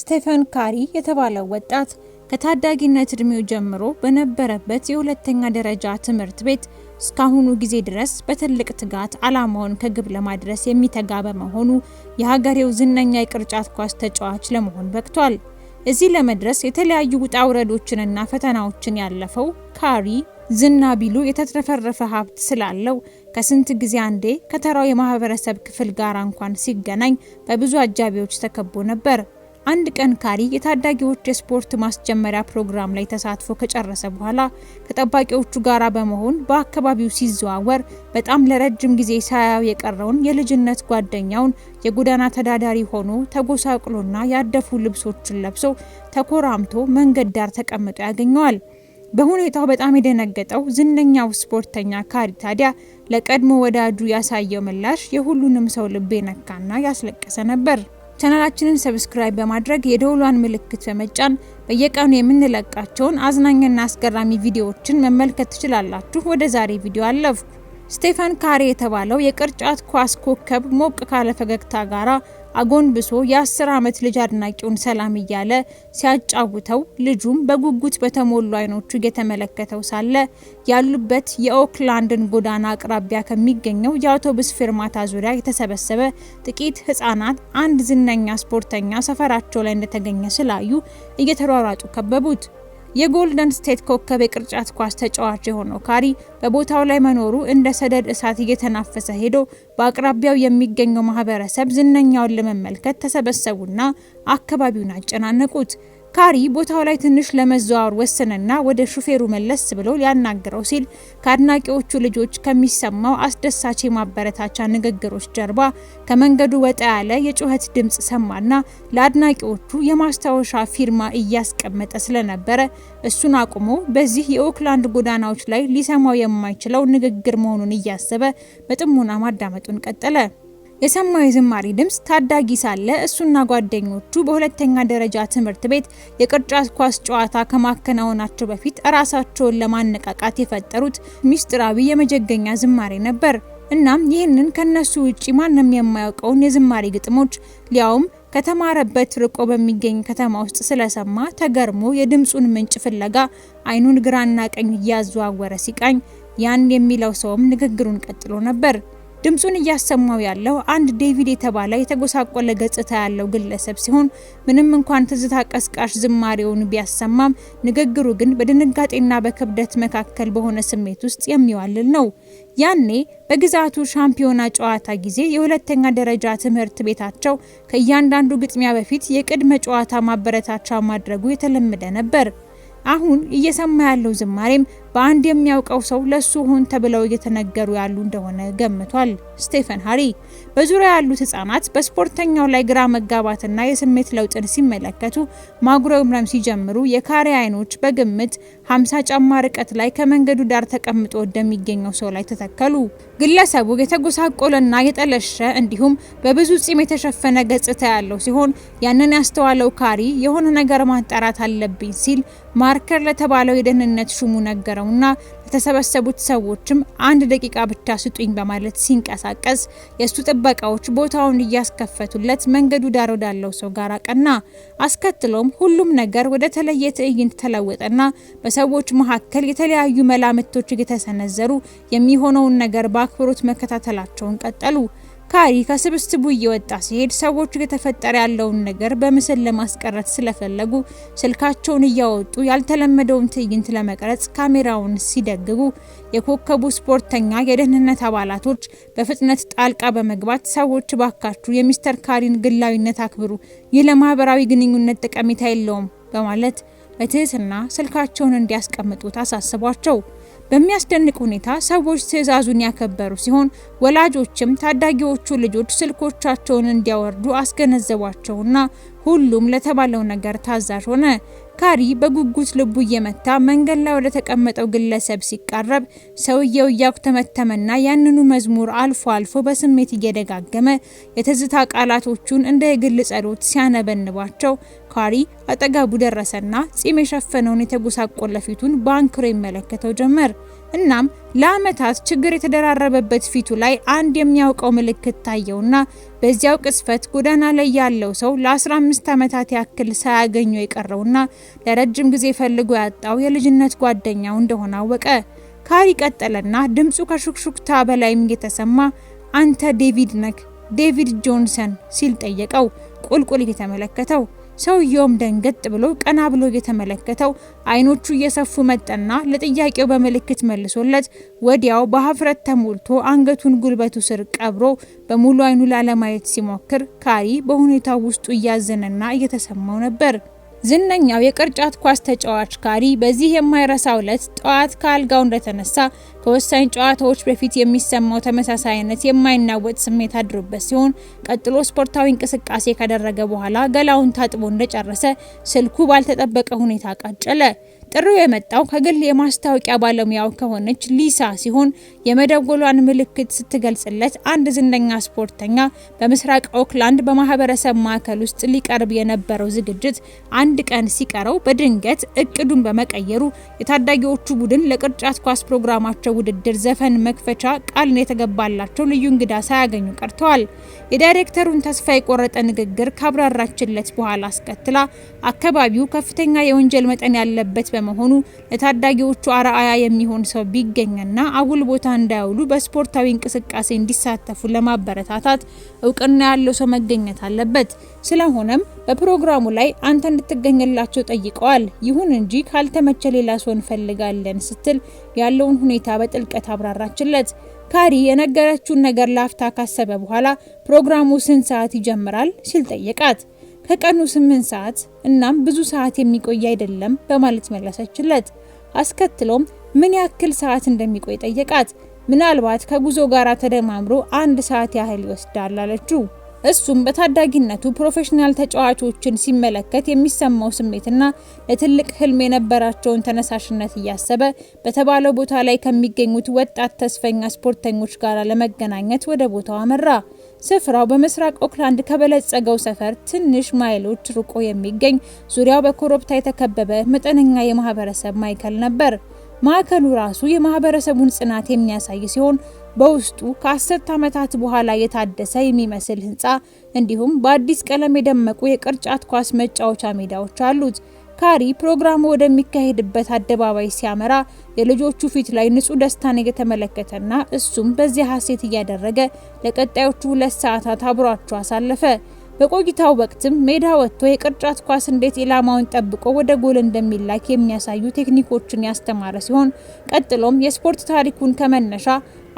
ስቴፈን ካሪ የተባለው ወጣት ከታዳጊነት እድሜው ጀምሮ በነበረበት የሁለተኛ ደረጃ ትምህርት ቤት እስካሁኑ ጊዜ ድረስ በትልቅ ትጋት ዓላማውን ከግብ ለማድረስ የሚተጋ በመሆኑ የሀገሬው ዝነኛ የቅርጫት ኳስ ተጫዋች ለመሆን በቅቷል። እዚህ ለመድረስ የተለያዩ ውጣ ውረዶችንና ፈተናዎችን ያለፈው ካሪ ዝና ቢሉ የተትረፈረፈ ሀብት ስላለው ከስንት ጊዜ አንዴ ከተራው የማህበረሰብ ክፍል ጋር እንኳን ሲገናኝ በብዙ አጃቢዎች ተከቦ ነበር። አንድ ቀን ካሪ የታዳጊዎች የስፖርት ማስጀመሪያ ፕሮግራም ላይ ተሳትፎ ከጨረሰ በኋላ ከጠባቂዎቹ ጋራ በመሆን በአካባቢው ሲዘዋወር በጣም ለረጅም ጊዜ ሳያው የቀረውን የልጅነት ጓደኛውን የጎዳና ተዳዳሪ ሆኖ ተጎሳቅሎና ያደፉ ልብሶችን ለብሶ ተኮራምቶ መንገድ ዳር ተቀምጦ ያገኘዋል። በሁኔታው በጣም የደነገጠው ዝነኛው ስፖርተኛ ካሪ ታዲያ ለቀድሞ ወዳጁ ያሳየው ምላሽ የሁሉንም ሰው ልብ የነካና ያስለቀሰ ነበር። ቻናላችንን ሰብስክራይብ በማድረግ የደውሏን ምልክት በመጫን በየቀኑ የምንለቃቸውን አዝናኝና አስገራሚ ቪዲዮዎችን መመልከት ትችላላችሁ። ወደ ዛሬ ቪዲዮ አለፍኩ። ስቴፈን ካሪ የተባለው የቅርጫት ኳስ ኮከብ ሞቅ ካለ ፈገግታ ጋራ አጎንብሶ የአስር ዓመት ልጅ አድናቂውን ሰላም እያለ ሲያጫውተው ልጁም በጉጉት በተሞሉ አይኖቹ እየተመለከተው ሳለ ያሉበት የኦክላንድን ጎዳና አቅራቢያ ከሚገኘው የአውቶቡስ ፌርማታ ዙሪያ የተሰበሰበ ጥቂት ህጻናት አንድ ዝነኛ ስፖርተኛ ሰፈራቸው ላይ እንደተገኘ ስላዩ እየተሯሯጡ ከበቡት። የጎልደን ስቴት ኮከብ የቅርጫት ኳስ ተጫዋች የሆነው ካሪ በቦታው ላይ መኖሩ እንደ ሰደድ እሳት እየተናፈሰ ሄዶ በአቅራቢያው የሚገኘው ማህበረሰብ ዝነኛውን ለመመልከት ተሰበሰቡና አካባቢውን አጨናነቁት። ካሪ ቦታው ላይ ትንሽ ለመዘዋወር ወሰነና ወደ ሹፌሩ መለስ ብሎ ሊያናግረው ሲል ከአድናቂዎቹ ልጆች ከሚሰማው አስደሳች የማበረታቻ ንግግሮች ጀርባ ከመንገዱ ወጣ ያለ የጩኸት ድምፅ ሰማና ለአድናቂዎቹ የማስታወሻ ፊርማ እያስቀመጠ ስለነበረ እሱን አቁሞ በዚህ የኦክላንድ ጎዳናዎች ላይ ሊሰማው የማይችለው ንግግር መሆኑን እያሰበ በጥሞና ማዳመጡን ቀጠለ። የሰማዊ ዝማሪ ድምፅ ታዳጊ ሳለ እሱና ጓደኞቹ በሁለተኛ ደረጃ ትምህርት ቤት የቅርጫት ኳስ ጨዋታ ከማከናወናቸው በፊት ራሳቸውን ለማነቃቃት የፈጠሩት ሚስጥራዊ የመጀገኛ ዝማሬ ነበር። እናም ይህንን ከነሱ ውጪ ማንም የማያውቀውን የዝማሬ ግጥሞች ሊያውም ከተማረበት ርቆ በሚገኝ ከተማ ውስጥ ስለሰማ ተገርሞ የድምፁን ምንጭ ፍለጋ አይኑን ግራና ቀኝ እያዘዋወረ ሲቃኝ ያን የሚለው ሰውም ንግግሩን ቀጥሎ ነበር። ድምፁን እያሰማው ያለው አንድ ዴቪድ የተባለ የተጎሳቆለ ገጽታ ያለው ግለሰብ ሲሆን ምንም እንኳን ትዝታ ቀስቃሽ ዝማሬውን ቢያሰማም ንግግሩ ግን በድንጋጤና በክብደት መካከል በሆነ ስሜት ውስጥ የሚዋልል ነው። ያኔ በግዛቱ ሻምፒዮና ጨዋታ ጊዜ የሁለተኛ ደረጃ ትምህርት ቤታቸው ከእያንዳንዱ ግጥሚያ በፊት የቅድመ ጨዋታ ማበረታቻ ማድረጉ የተለመደ ነበር። አሁን እየሰማ ያለው ዝማሬም በአንድ የሚያውቀው ሰው ለሱ ሆን ተብለው እየተነገሩ ያሉ እንደሆነ ገምቷል። ስቴፈን ሃሪ በዙሪያ ያሉት ህጻናት በስፖርተኛው ላይ ግራ መጋባትና የስሜት ለውጥን ሲመለከቱ ማጉረምረም ሲጀምሩ የካሬ አይኖች በግምት 50 ጫማ ርቀት ላይ ከመንገዱ ዳር ተቀምጦ ወደሚገኘው ሰው ላይ ተተከሉ። ግለሰቡ የተጎሳቆለና የጠለሸ እንዲሁም በብዙ ጺም የተሸፈነ ገጽታ ያለው ሲሆን ያንን ያስተዋለው ካሪ የሆነ ነገር ማጣራት አለብኝ ሲል ማርከር ለተባለው የደህንነት ሹሙ ነገረው ነውና ለተሰበሰቡት ሰዎችም አንድ ደቂቃ ብቻ ስጡኝ በማለት ሲንቀሳቀስ የእሱ ጥበቃዎች ቦታውን እያስከፈቱለት መንገዱ ዳር ወዳለው ሰው ጋር አቀና። አስከትሎም ሁሉም ነገር ወደ ተለየ ትዕይንት ተለወጠና በሰዎች መካከል የተለያዩ መላምቶች እየተሰነዘሩ የሚሆነውን ነገር በአክብሮት መከታተላቸውን ቀጠሉ። ካሪ ከስብስቡ እየወጣ ሲሄድ ሰዎች እየተፈጠረ ያለውን ነገር በምስል ለማስቀረት ስለፈለጉ ስልካቸውን እያወጡ ያልተለመደውን ትዕይንት ለመቅረጽ ካሜራውን ሲደግጉ የኮከቡ ስፖርተኛ የደህንነት አባላቶች በፍጥነት ጣልቃ በመግባት ሰዎች ባካችሁ የሚስተር ካሪን ግላዊነት አክብሩ፣ ይህ ለማህበራዊ ግንኙነት ጠቀሜታ የለውም በማለት በትህትና ስልካቸውን እንዲያስቀምጡ ታሳስቧቸው በሚያስደንቅ ሁኔታ ሰዎች ትዕዛዙን ያከበሩ ሲሆን ወላጆችም ታዳጊዎቹ ልጆች ስልኮቻቸውን እንዲያወርዱ አስገነዘቧቸውና ሁሉም ለተባለው ነገር ታዛዥ ሆነ። ካሪ በጉጉት ልቡ እየመታ መንገድ ላይ ወደ ተቀመጠው ግለሰብ ሲቃረብ ሰውየው እያኩተመተመና ያንኑ መዝሙር አልፎ አልፎ በስሜት እየደጋገመ የትዝታ ቃላቶቹን እንደ የግል ጸሎት ሲያነበንባቸው ተሽከርካሪ አጠገቡ ደረሰና ጺም የሸፈነውን የተጎሳቆለ ፊቱን በአንክሮ ይመለከተው ጀመር። እናም ለአመታት ችግር የተደራረበበት ፊቱ ላይ አንድ የሚያውቀው ምልክት ታየውና በዚያው ቅስፈት ጎዳና ላይ ያለው ሰው ለ15 ዓመታት ያክል ሳያገኘው የቀረውና ለረጅም ጊዜ ፈልጎ ያጣው የልጅነት ጓደኛው እንደሆነ አወቀ። ካሪ ቀጠለና ድምፁ ከሹክሹክታ በላይም የተሰማ አንተ ዴቪድ ነክ ዴቪድ ጆንሰን ሲል ጠየቀው፣ ቁልቁል እየተመለከተው ሰውየውም ደንገጥ ብሎ ቀና ብሎ እየተመለከተው አይኖቹ እየሰፉ መጠና ለጥያቄው በምልክት መልሶለት ወዲያው በሀፍረት ተሞልቶ አንገቱን ጉልበቱ ስር ቀብሮ በሙሉ አይኑ ላለማየት ሲሞክር ካሪ በሁኔታው ውስጡ እያዘነና እየተሰማው ነበር። ዝነኛው የቅርጫት ኳስ ተጫዋች ካሪ በዚህ የማይረሳ ዕለት ጠዋት ከአልጋው እንደተነሳ ከወሳኝ ጨዋታዎች በፊት የሚሰማው ተመሳሳይነት የማይናወጥ ስሜት አድሮበት ሲሆን ቀጥሎ ስፖርታዊ እንቅስቃሴ ከደረገ በኋላ ገላውን ታጥቦ እንደጨረሰ ስልኩ ባልተጠበቀ ሁኔታ ቃጨለ። ጥሪው የመጣው ከግል የማስታወቂያ ባለሙያው ከሆነች ሊሳ ሲሆን የመደወሏን ምልክት ስትገልጽለት አንድ ዝነኛ ስፖርተኛ በምስራቅ ኦክላንድ በማህበረሰብ ማዕከል ውስጥ ሊቀርብ የነበረው ዝግጅት አንድ ቀን ሲቀረው በድንገት እቅዱን በመቀየሩ የታዳጊዎቹ ቡድን ለቅርጫት ኳስ ፕሮግራማቸው ውድድር ዘፈን መክፈቻ ቃልን የተገባላቸው ልዩ እንግዳ ሳያገኙ ቀርተዋል። የዳይሬክተሩን ተስፋ የቆረጠ ንግግር ካብራራችለት በኋላ አስከትላ አካባቢው ከፍተኛ የወንጀል መጠን ያለበት በመሆኑ ለታዳጊዎቹ አርአያ የሚሆን ሰው ቢገኝና አጉል ቦታ እንዳያውሉ በስፖርታዊ እንቅስቃሴ እንዲሳተፉ ለማበረታታት እውቅና ያለው ሰው መገኘት አለበት። ስለሆነም በፕሮግራሙ ላይ አንተ እንድትገኝላቸው ጠይቀዋል። ይሁን እንጂ ካልተመቸ ሌላ ሰው እንፈልጋለን ስትል ያለውን ሁኔታ በጥልቀት አብራራችለት። ካሪ የነገረችውን ነገር ላፍታ ካሰበ በኋላ ፕሮግራሙ ስንት ሰዓት ይጀምራል ሲል ጠየቃት። ከቀኑ ስምንት ሰዓት እናም ብዙ ሰዓት የሚቆይ አይደለም በማለት መለሰችለት። አስከትሎም ምን ያክል ሰዓት እንደሚቆይ ጠየቃት። ምናልባት ከጉዞ ጋር ተደማምሮ አንድ ሰዓት ያህል ይወስዳል አለችው። እሱም በታዳጊነቱ ፕሮፌሽናል ተጫዋቾችን ሲመለከት የሚሰማው ስሜትና ለትልቅ ህልም የነበራቸውን ተነሳሽነት እያሰበ በተባለው ቦታ ላይ ከሚገኙት ወጣት ተስፈኛ ስፖርተኞች ጋር ለመገናኘት ወደ ቦታው አመራ። ስፍራው በምስራቅ ኦክላንድ ከበለጸገው ሰፈር ትንሽ ማይሎች ርቆ የሚገኝ ዙሪያው በኮረብታ የተከበበ መጠነኛ የማህበረሰብ ማዕከል ነበር። ማዕከሉ ራሱ የማህበረሰቡን ጽናት የሚያሳይ ሲሆን በውስጡ ከአስርት ዓመታት በኋላ የታደሰ የሚመስል ህንፃ እንዲሁም በአዲስ ቀለም የደመቁ የቅርጫት ኳስ መጫወቻ ሜዳዎች አሉት። ካሪ ፕሮግራሙ ወደሚካሄድበት አደባባይ ሲያመራ የልጆቹ ፊት ላይ ንጹህ ደስታን እየተመለከተና እሱም በዚያ ሀሴት እያደረገ ለቀጣዮቹ ሁለት ሰዓታት አብሯቸው አሳለፈ። በቆይታው ወቅትም ሜዳ ወጥቶ የቅርጫት ኳስ እንዴት ኢላማውን ጠብቆ ወደ ጎል እንደሚላክ የሚያሳዩ ቴክኒኮችን ያስተማረ ሲሆን ቀጥሎም የስፖርት ታሪኩን ከመነሻ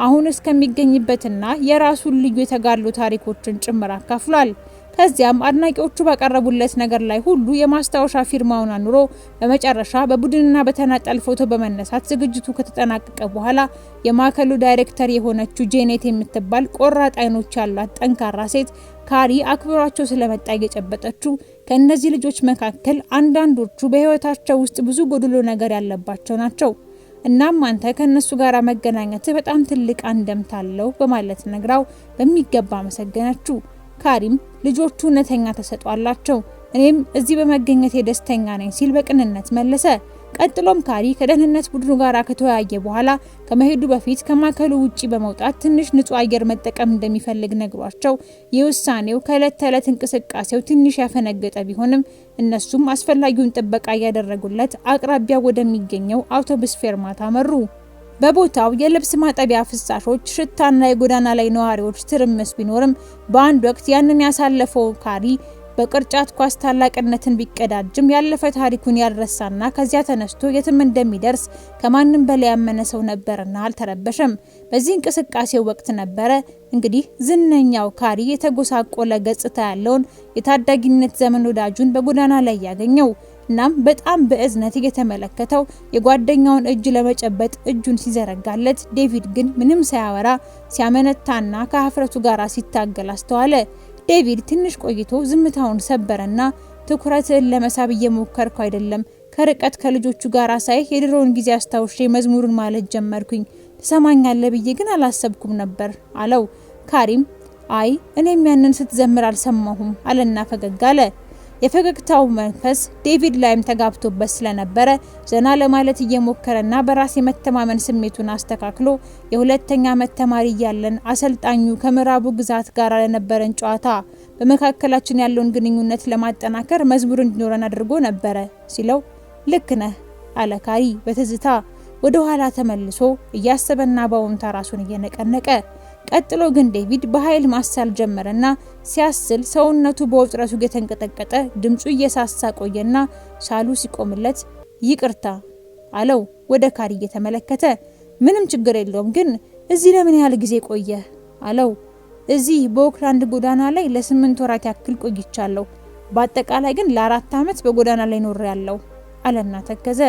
አሁን እስከሚገኝበትና የራሱን ልዩ የተጋድሎ ታሪኮችን ጭምር አካፍሏል። ከዚያም አድናቂዎቹ ባቀረቡለት ነገር ላይ ሁሉ የማስታወሻ ፊርማውን አኑሮ በመጨረሻ በቡድንና በተናጠል ፎቶ በመነሳት ዝግጅቱ ከተጠናቀቀ በኋላ የማዕከሉ ዳይሬክተር የሆነችው ጄኔት የምትባል ቆራጥ አይኖች ያሏት ጠንካራ ሴት ካሪ አክብሯቸው ስለመጣ የጨበጠችው ከእነዚህ ልጆች መካከል አንዳንዶቹ በህይወታቸው ውስጥ ብዙ ጎድሎ ነገር ያለባቸው ናቸው። እናም አንተ ከእነሱ ጋር መገናኘት በጣም ትልቅ አንደምታ አለው በማለት ነግራው በሚገባ አመሰገነችው። ካሪም ልጆቹ እውነተኛ ተሰጥኦ አላቸው፣ እኔም እዚህ በመገኘቴ ደስተኛ ነኝ ሲል በቅንነት መለሰ። ቀጥሎም ካሪ ከደህንነት ቡድኑ ጋር ከተወያየ በኋላ ከመሄዱ በፊት ከማዕከሉ ውጪ በመውጣት ትንሽ ንጹህ አየር መጠቀም እንደሚፈልግ ነግሯቸው የውሳኔው ከእለት ተዕለት እንቅስቃሴው ትንሽ ያፈነገጠ ቢሆንም እነሱም አስፈላጊውን ጥበቃ እያደረጉለት አቅራቢያ ወደሚገኘው አውቶቡስ ፌርማታ አመሩ። በቦታው የልብስ ማጠቢያ ፍሳሾች፣ ሽታና የጎዳና ላይ ነዋሪዎች ትርምስ ቢኖርም በአንድ ወቅት ያንን ያሳለፈው ካሪ በቅርጫት ኳስ ታላቅነትን ቢቀዳጅም ያለፈ ታሪኩን ያልረሳና ከዚያ ተነስቶ የትም እንደሚደርስ ከማንም በላይ ያመነ ሰው ነበርና አልተረበሸም። በዚህ እንቅስቃሴው ወቅት ነበረ እንግዲህ ዝነኛው ካሪ የተጎሳቆለ ገጽታ ያለውን የታዳጊነት ዘመን ወዳጁን በጎዳና ላይ ያገኘው። እናም በጣም በእዝነት እየተመለከተው የጓደኛውን እጅ ለመጨበጥ እጁን ሲዘረጋለት፣ ዴቪድ ግን ምንም ሳያወራ ሲያመነታና ከሀፍረቱ ጋር ሲታገል አስተዋለ። ዴቪድ ትንሽ ቆይቶ ዝምታውን ሰበረና ትኩረትን ለመሳብ እየሞከርኩ አይደለም ከርቀት ከልጆቹ ጋር ሳይ የድሮውን ጊዜ አስታውሼ መዝሙሩን ማለት ጀመርኩኝ። ትሰማኛለህ ብዬ ግን አላሰብኩም ነበር አለው። ካሪም አይ እኔም ያንን ስትዘምር አልሰማሁም አለና ፈገግ አለ። የፈገግታው መንፈስ ዴቪድ ላይም ተጋብቶበት ስለነበረ ዘና ለማለት እየሞከረና በራስ የመተማመን ስሜቱን አስተካክሎ የሁለተኛ ዓመት ተማሪ እያለን አሰልጣኙ ከምዕራቡ ግዛት ጋር ለነበረን ጨዋታ በመካከላችን ያለውን ግንኙነት ለማጠናከር መዝሙር እንዲኖረን አድርጎ ነበረ ሲለው ልክ ነህ አለ ካሪ በትዝታ ወደ ኋላ ተመልሶ እያሰበና በውምታ ራሱን እየነቀነቀ ቀጥሎ ግን ዴቪድ በኃይል ማሳል ጀመረና ሲያስል ሰውነቱ በውጥረቱ እየተንቀጠቀጠ ድምፁ እየሳሳ ቆየና ሳሉ ሲቆምለት ይቅርታ አለው ወደ ካሪ እየተመለከተ። ምንም ችግር የለውም ግን እዚህ ለምን ያህል ጊዜ ቆየ አለው። እዚህ በኦክላንድ ጎዳና ላይ ለስምንት ወራት ያክል ቆይቻለሁ። በአጠቃላይ ግን ለአራት ዓመት በጎዳና ላይ ኖሬ ያለው አለና ተከዘ።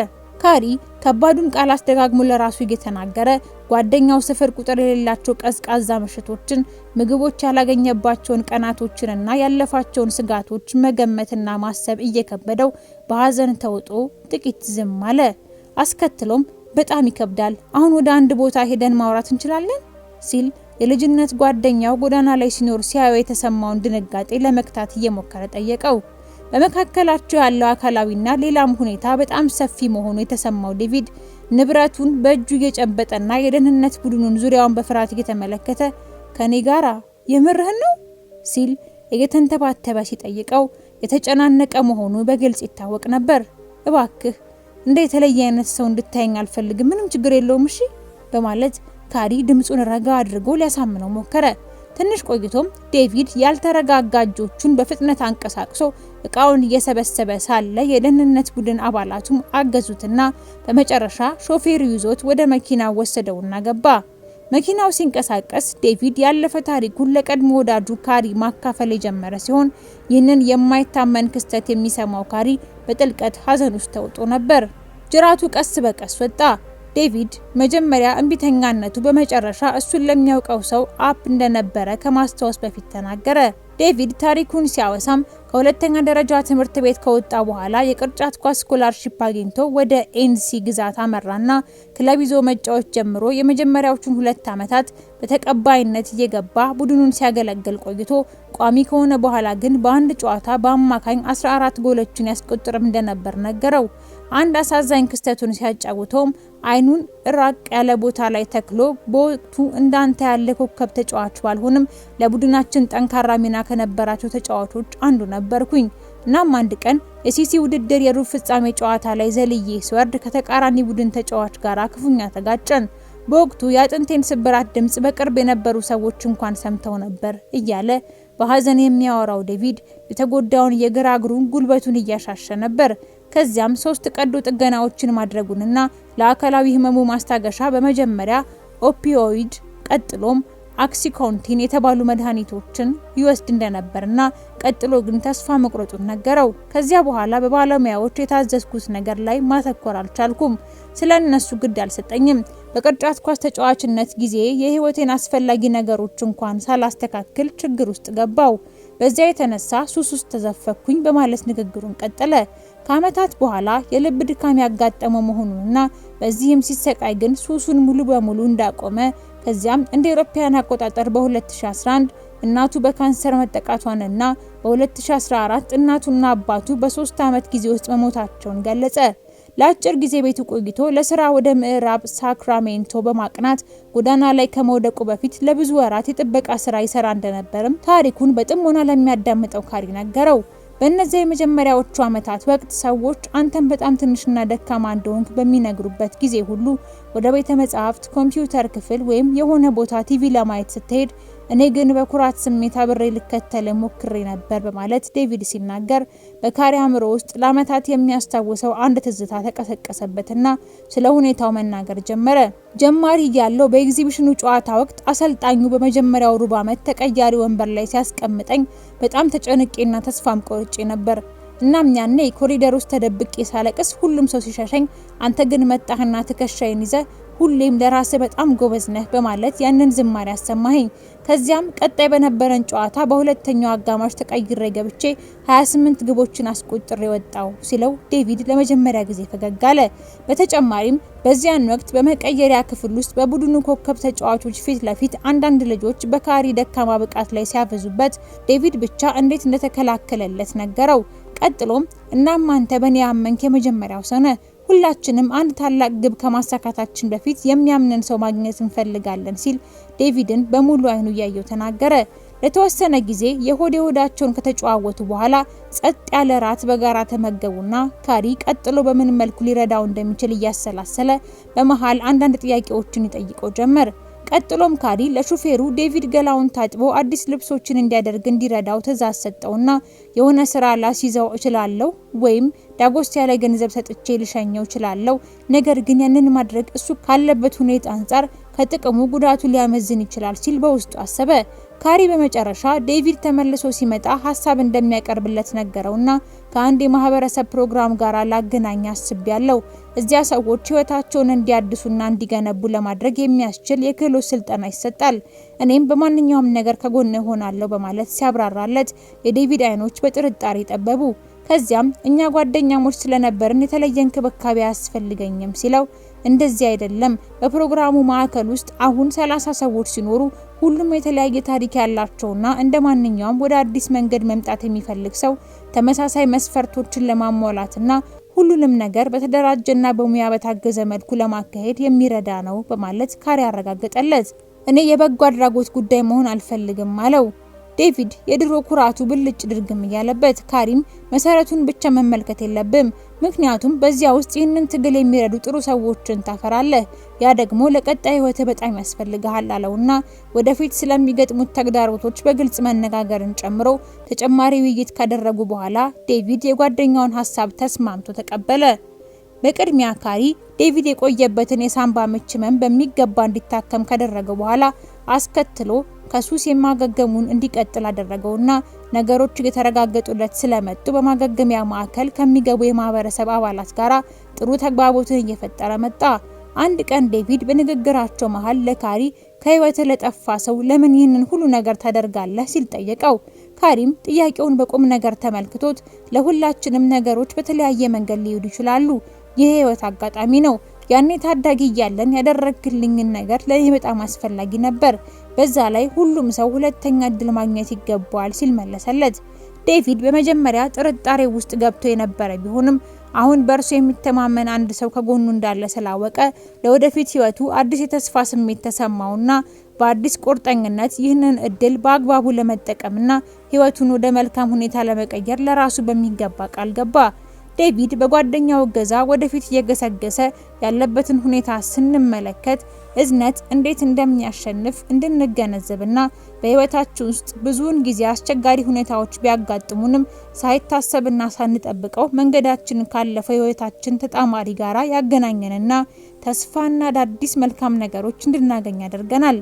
ካሪ ከባዱን ቃል አስደጋግሞ ለራሱ እየተናገረ ጓደኛው ስፍር ቁጥር የሌላቸው ቀዝቃዛ ምሽቶችን፣ ምግቦች ያላገኘባቸውን ቀናቶችንና ያለፋቸውን ስጋቶች መገመትና ማሰብ እየከበደው በሀዘን ተውጦ ጥቂት ዝም አለ። አስከትሎም በጣም ይከብዳል፣ አሁን ወደ አንድ ቦታ ሄደን ማውራት እንችላለን ሲል የልጅነት ጓደኛው ጎዳና ላይ ሲኖር ሲያየው የተሰማውን ድንጋጤ ለመክታት እየሞከረ ጠየቀው። በመካከላቸው ያለው አካላዊና ሌላም ሁኔታ በጣም ሰፊ መሆኑ የተሰማው ዴቪድ ንብረቱን በእጁ እየጨበጠና የደህንነት ቡድኑን ዙሪያውን በፍርሃት እየተመለከተ ከኔ ጋራ የምርህን ነው ሲል እየተንተባተበ ሲጠይቀው የተጨናነቀ መሆኑ በግልጽ ይታወቅ ነበር። እባክህ እንደ የተለየ አይነት ሰው እንድታየኝ አልፈልግም፣ ምንም ችግር የለውም እሺ በማለት ካሪ ድምፁን ረጋ አድርጎ ሊያሳምነው ሞከረ። ትንሽ ቆይቶም ዴቪድ ያልተረጋጋ እጆቹን በፍጥነት አንቀሳቅሶ እቃውን እየሰበሰበ ሳለ የደህንነት ቡድን አባላቱም አገዙትና በመጨረሻ ሾፌሩ ይዞት ወደ መኪና ወሰደውና ገባ። መኪናው ሲንቀሳቀስ ዴቪድ ያለፈ ታሪኩን ለቀድሞ ወዳጁ ካሪ ማካፈል የጀመረ ሲሆን ይህንን የማይታመን ክስተት የሚሰማው ካሪ በጥልቀት ሐዘን ውስጥ ተውጦ ነበር። ጅራቱ ቀስ በቀስ ወጣ። ዴቪድ መጀመሪያ እንቢተኛነቱ በመጨረሻ እሱን ለሚያውቀው ሰው አፕ እንደነበረ ከማስታወስ በፊት ተናገረ። ዴቪድ ታሪኩን ሲያወሳም ከሁለተኛ ደረጃ ትምህርት ቤት ከወጣ በኋላ የቅርጫት ኳስ ስኮላርሺፕ አግኝቶ ወደ ኤንሲ ግዛት አመራና ክለብ ይዞ መጫወት ጀምሮ የመጀመሪያዎቹን ሁለት ዓመታት በተቀባይነት እየገባ ቡድኑን ሲያገለግል ቆይቶ ቋሚ ከሆነ በኋላ ግን በአንድ ጨዋታ በአማካኝ 14 ጎሎችን ያስቆጥርም እንደነበር ነገረው። አንድ አሳዛኝ ክስተቱን ሲያጫውተውም አይኑን ራቅ ያለ ቦታ ላይ ተክሎ በወቅቱ እንዳንተ ያለ ኮከብ ተጫዋች ባልሆንም ለቡድናችን ጠንካራ ሚና ከነበራቸው ተጫዋቾች አንዱ ነበርኩኝ። እናም አንድ ቀን የሲሲ ውድድር የሩብ ፍጻሜ ጨዋታ ላይ ዘልዬ ስወርድ ከተቃራኒ ቡድን ተጫዋች ጋር ክፉኛ ተጋጨን። በወቅቱ የአጥንቴን ስብራት ድምፅ በቅርብ የነበሩ ሰዎች እንኳን ሰምተው ነበር እያለ በሀዘን የሚያወራው ዴቪድ የተጎዳውን የግራ እግሩን ጉልበቱን እያሻሸ ነበር። ከዚያም ሶስት ቀዶ ጥገናዎችን ማድረጉንና ለአካላዊ ህመሙ ማስታገሻ በመጀመሪያ ኦፒዮይድ ቀጥሎም አክሲኮንቲን የተባሉ መድኃኒቶችን ይወስድ እንደነበርና ቀጥሎ ግን ተስፋ መቁረጡን ነገረው። ከዚያ በኋላ በባለሙያዎች የታዘዝኩት ነገር ላይ ማተኮር አልቻልኩም። ስለ እነሱ ግድ አልሰጠኝም። በቅርጫት ኳስ ተጫዋችነት ጊዜ የህይወቴን አስፈላጊ ነገሮች እንኳን ሳላስተካክል ችግር ውስጥ ገባው። በዚያ የተነሳ ሱስ ውስጥ ተዘፈኩኝ በማለት ንግግሩን ቀጠለ። ከዓመታት በኋላ የልብ ድካም ያጋጠመው መሆኑንና በዚህም ሲሰቃይ ግን ሱሱን ሙሉ በሙሉ እንዳቆመ ከዚያም እንደ አውሮፓውያን አቆጣጠር በ2011 እናቱ በካንሰር መጠቃቷንና በ2014 እናቱና አባቱ በሶስት ዓመት ጊዜ ውስጥ መሞታቸውን ገለጸ። ለአጭር ጊዜ ቤቱ ቆይቶ ለስራ ወደ ምዕራብ ሳክራሜንቶ በማቅናት ጎዳና ላይ ከመውደቁ በፊት ለብዙ ወራት የጥበቃ ስራ ይሰራ እንደነበርም ታሪኩን በጥሞና ለሚያዳምጠው ካሪ ነገረው። በእነዚያ የመጀመሪያዎቹ ዓመታት ወቅት ሰዎች አንተን በጣም ትንሽና ደካማ እንደሆንክ በሚነግሩበት ጊዜ ሁሉ ወደ ቤተ መጻሕፍት፣ ኮምፒውተር ክፍል ወይም የሆነ ቦታ ቲቪ ለማየት ስትሄድ እኔ ግን በኩራት ስሜት አብሬ ልከተል ሞክሬ ነበር በማለት ዴቪድ ሲናገር በካሪ አእምሮ ውስጥ ለዓመታት የሚያስታውሰው አንድ ትዝታ ተቀሰቀሰበትና ስለ ሁኔታው መናገር ጀመረ። ጀማሪ እያለው በኤግዚቢሽኑ ጨዋታ ወቅት አሰልጣኙ በመጀመሪያው ሩብ ዓመት ተቀያሪ ወንበር ላይ ሲያስቀምጠኝ በጣም ተጨንቄና ተስፋም ቆርጬ ነበር። እናም ያኔ ኮሪደር ውስጥ ተደብቄ ሳለቅስ ሁሉም ሰው ሲሸሸኝ አንተ ግን መጣህና ትከሻይን ይዘህ ሁሌም ለራስ በጣም ጎበዝ ነህ በማለት ያንን ዝማሬ አሰማኸኝ። ከዚያም ቀጣይ በነበረን ጨዋታ በሁለተኛው አጋማሽ ተቀይሬ ገብቼ 28 ግቦችን አስቆጥሬ ወጣው ሲለው ዴቪድ ለመጀመሪያ ጊዜ ፈገግ አለ። በተጨማሪም በዚያን ወቅት በመቀየሪያ ክፍል ውስጥ በቡድኑ ኮከብ ተጫዋቾች ፊት ለፊት አንዳንድ ልጆች በካሪ ደካማ ብቃት ላይ ሲያበዙበት ዴቪድ ብቻ እንዴት እንደተከላከለለት ነገረው። ቀጥሎም እናም አንተ በእኔ የመጀመሪያው ሰው ነህ ሁላችንም አንድ ታላቅ ግብ ከማሳካታችን በፊት የሚያምንን ሰው ማግኘት እንፈልጋለን ሲል ዴቪድን በሙሉ አይኑ እያየው ተናገረ። ለተወሰነ ጊዜ የሆዴ ሆዳቸውን ከተጨዋወቱ በኋላ ጸጥ ያለ ራት በጋራ ተመገቡና ካሪ ቀጥሎ በምን መልኩ ሊረዳው እንደሚችል እያሰላሰለ በመሃል አንዳንድ ጥያቄዎችን ይጠይቀው ጀመር። ቀጥሎም ካሪ ለሹፌሩ ዴቪድ ገላውን ታጥቦ አዲስ ልብሶችን እንዲያደርግ እንዲረዳው ትእዛዝ ሰጠውና የሆነ ስራ ላስይዘው እችላለሁ ወይም ዳጎስ ያለ ገንዘብ ሰጥቼ ልሸኘው እችላለሁ። ነገር ግን ያንን ማድረግ እሱ ካለበት ሁኔታ አንጻር ከጥቅሙ ጉዳቱ ሊያመዝን ይችላል ሲል በውስጡ አሰበ። ካሪ በመጨረሻ ዴቪድ ተመልሶ ሲመጣ ሀሳብ እንደሚያቀርብለት ነገረውና ከአንድ የማህበረሰብ ፕሮግራም ጋር ላገናኝ አስቤያለሁ። እዚያ ሰዎች ህይወታቸውን እንዲያድሱና እንዲገነቡ ለማድረግ የሚያስችል የክህሎት ስልጠና ይሰጣል። እኔም በማንኛውም ነገር ከጎን እሆናለሁ በማለት ሲያብራራለት የዴቪድ አይኖች በጥርጣሬ ጠበቡ። ከዚያም እኛ ጓደኛሞች ስለነበርን የተለየ እንክብካቤ አያስፈልገኝም ሲለው እንደዚህ አይደለም። በፕሮግራሙ ማዕከል ውስጥ አሁን ሰላሳ ሰዎች ሲኖሩ ሁሉም የተለያየ ታሪክ ያላቸውና እንደ ማንኛውም ወደ አዲስ መንገድ መምጣት የሚፈልግ ሰው ተመሳሳይ መስፈርቶችን ለማሟላትና ሁሉንም ነገር በተደራጀና በሙያ በታገዘ መልኩ ለማካሄድ የሚረዳ ነው በማለት ካሬ ያረጋገጠለት። እኔ የበጎ አድራጎት ጉዳይ መሆን አልፈልግም አለው። ዴቪድ የድሮ ኩራቱ ብልጭ ድርግም እያለበት ካሪም መሰረቱን ብቻ መመልከት የለብም፣ ምክንያቱም በዚያ ውስጥ ይህንን ትግል የሚረዱ ጥሩ ሰዎችን ታፈራለህ። ያ ደግሞ ለቀጣይ ህይወት በጣም ያስፈልግሃል አለውና ወደፊት ስለሚገጥሙት ተግዳሮቶች በግልጽ መነጋገርን ጨምሮ ተጨማሪ ውይይት ካደረጉ በኋላ ዴቪድ የጓደኛውን ሀሳብ ተስማምቶ ተቀበለ። በቅድሚያ ካሪ ዴቪድ የቆየበትን የሳምባ ምች ህመም በሚገባ እንዲታከም ካደረገ በኋላ አስከትሎ ከሱስ የማገገሙን እንዲቀጥል አደረገውና ነገሮች የተረጋገጡለት ስለመጡ በማገገሚያ ማዕከል ከሚገቡ የማህበረሰብ አባላት ጋር ጥሩ ተግባቦትን እየፈጠረ መጣ። አንድ ቀን ዴቪድ በንግግራቸው መሀል ለካሪ ከህይወት ለጠፋ ሰው ለምን ይህንን ሁሉ ነገር ታደርጋለህ ሲል ጠየቀው። ካሪም ጥያቄውን በቁም ነገር ተመልክቶት ለሁላችንም ነገሮች በተለያየ መንገድ ሊሄዱ ይችላሉ። ይህ ህይወት አጋጣሚ ነው። ያኔ ታዳጊ እያለን ያደረግልኝን ነገር ለእኔ በጣም አስፈላጊ ነበር። በዛ ላይ ሁሉም ሰው ሁለተኛ እድል ማግኘት ይገባዋል ሲል መለሰለት። ዴቪድ በመጀመሪያ ጥርጣሬ ውስጥ ገብቶ የነበረ ቢሆንም አሁን በእርሱ የሚተማመን አንድ ሰው ከጎኑ እንዳለ ስላወቀ ለወደፊት ህይወቱ አዲስ የተስፋ ስሜት ተሰማውና በአዲስ ቁርጠኝነት ይህንን እድል በአግባቡ ለመጠቀምና ህይወቱን ወደ መልካም ሁኔታ ለመቀየር ለራሱ በሚገባ ቃል ገባ። ዴቪድ በጓደኛው እገዛ ወደፊት እየገሰገሰ ያለበትን ሁኔታ ስንመለከት እዝነት እንዴት እንደሚያሸንፍ እንድንገነዘብና በህይወታችን ውስጥ ብዙውን ጊዜ አስቸጋሪ ሁኔታዎች ቢያጋጥሙንም ሳይታሰብና ሳንጠብቀው መንገዳችን ካለፈው ህይወታችን ተጣማሪ ጋራ ያገናኘንና ተስፋና አዳዲስ መልካም ነገሮች እንድናገኝ ያደርገናል።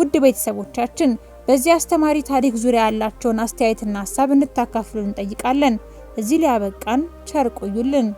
ውድ ቤተሰቦቻችን በዚህ አስተማሪ ታሪክ ዙሪያ ያላቸውን አስተያየትና ሀሳብ እንድታካፍሉ እንጠይቃለን። እዚህ ሊያበቃን ቸር ቆዩልን።